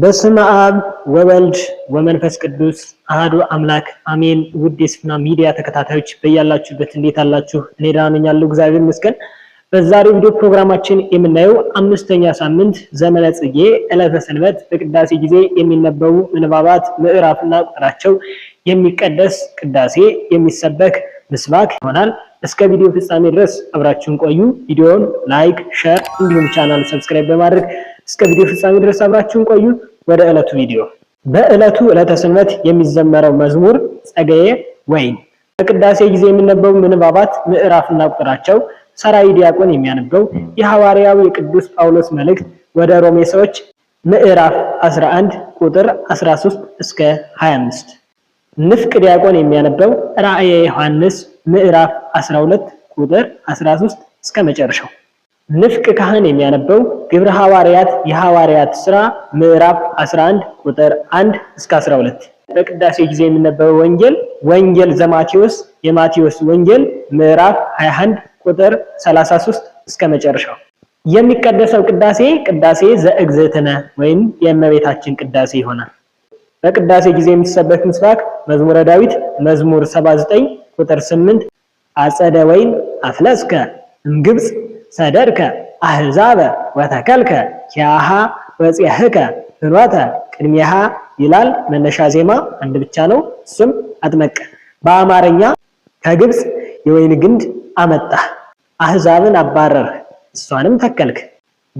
በስመ አብ ወወልድ ወመንፈስ ቅዱስ አህዱ አምላክ አሜን። ውድ የስፍና ሚዲያ ተከታታዮች በያላችሁበት እንዴት አላችሁ? እኔ ደህና ነኝ አለሁ፣ እግዚአብሔር ይመስገን። በዛሬው ቪዲዮ ፕሮግራማችን የምናየው አምስተኛ ሳምንት ዘመነ ጽጌ ዕለተ ሰንበት በቅዳሴ ጊዜ የሚነበቡ ምንባባት ምዕራፍና ቁጥራቸው የሚቀደስ ቅዳሴ የሚሰበክ ምስባክ ይሆናል። እስከ ቪዲዮ ፍጻሜ ድረስ አብራችሁን ቆዩ። ቪዲዮውን ላይክ፣ ሸር እንዲሁም ቻናል ሰብስክራይብ በማድረግ እስከ ቪዲዮ ፍጻሜ ድረስ አብራችሁን ቆዩ። ወደ ዕለቱ ቪዲዮ። በዕለቱ ዕለተ ሰንበት የሚዘመረው መዝሙር ጸገዬ ወይን፣ በቅዳሴ ጊዜ የሚነበቡ ምንባባት ምዕራፍና ቁጥራቸው፣ ሰራይ ዲያቆን የሚያነበው የሐዋርያው የቅዱስ ጳውሎስ መልእክት ወደ ሮሜ ሰዎች ምዕራፍ 11 ቁጥር 13 እስከ 25 ንፍቅ ዲያቆን የሚያነበው ራእየ ዮሐንስ ምዕራፍ 12 ቁጥር 13 እስከ መጨረሻው ንፍቅ ካህን የሚያነበው ግብረ ሐዋርያት የሐዋርያት ሥራ ምዕራፍ 11 ቁጥር 1 እስከ 12። በቅዳሴ ጊዜ የሚነበበው ወንጌል ወንጌል ዘማቴዎስ የማቴዎስ ወንጌል ምዕራፍ 21 ቁጥር 33 እስከ መጨረሻው። የሚቀደሰው ቅዳሴ ቅዳሴ ዘእግዝእትነ ወይም የእመቤታችን ቅዳሴ ይሆናል። በቅዳሴ ጊዜ የሚሰበክ ምስባክ መዝሙረ ዳዊት መዝሙር 79 ቁጥር 8 አጸደ ወይም አፍለስከ እምግብጽ ሰደድከ አህዛበ ወተከልከ ኪያሃ ወጽያህከ ህኖተ ቅድሚያሃ ይላል። መነሻ ዜማ አንድ ብቻ ነው፣ እሱም አጥመቀ። በአማርኛ ከግብፅ የወይን ግንድ አመጣህ፣ አህዛብን አባረርህ፣ እሷንም ተከልክ፣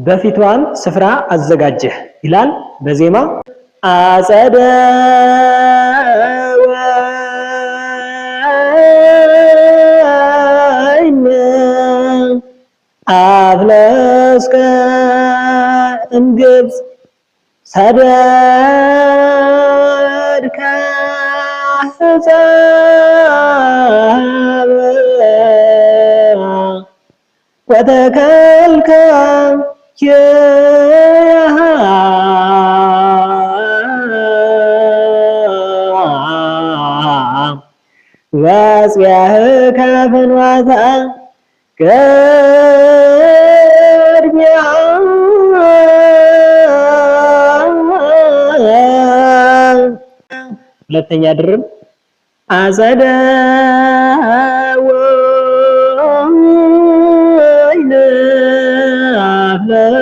በፊቷም ስፍራ አዘጋጀህ ይላል በዜማ አጸደ አፍለስከ እምግብፅ ሰደድከ ሕፃበ ወተከልከ ወጽያህከ ፍኖተ ሁለተኛ ድርብ አጸደ ወይን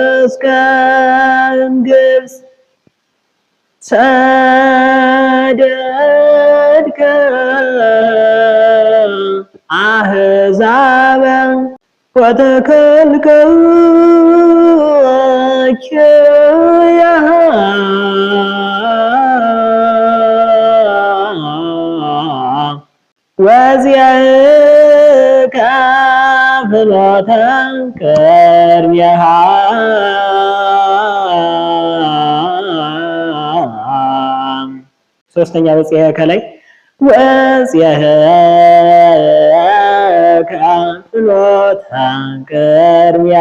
ሰደድከ አህ ወተከልከላቸው ወዚያከ ፍኖተ ቅድሜሃ ሶስተኛ ወጽሐከ ላይ ወጽሐ ቅድሚያ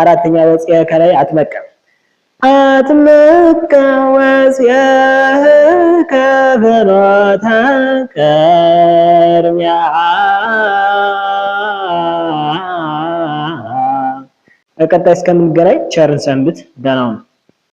አራተኛ ወፂየ ከላይ አትመቀ አትመቀ ወፂየ ከፍሎታ ቅድሚያ በቀጣይ እስከምንገናኝ ቸርን ሰንብት። ደህና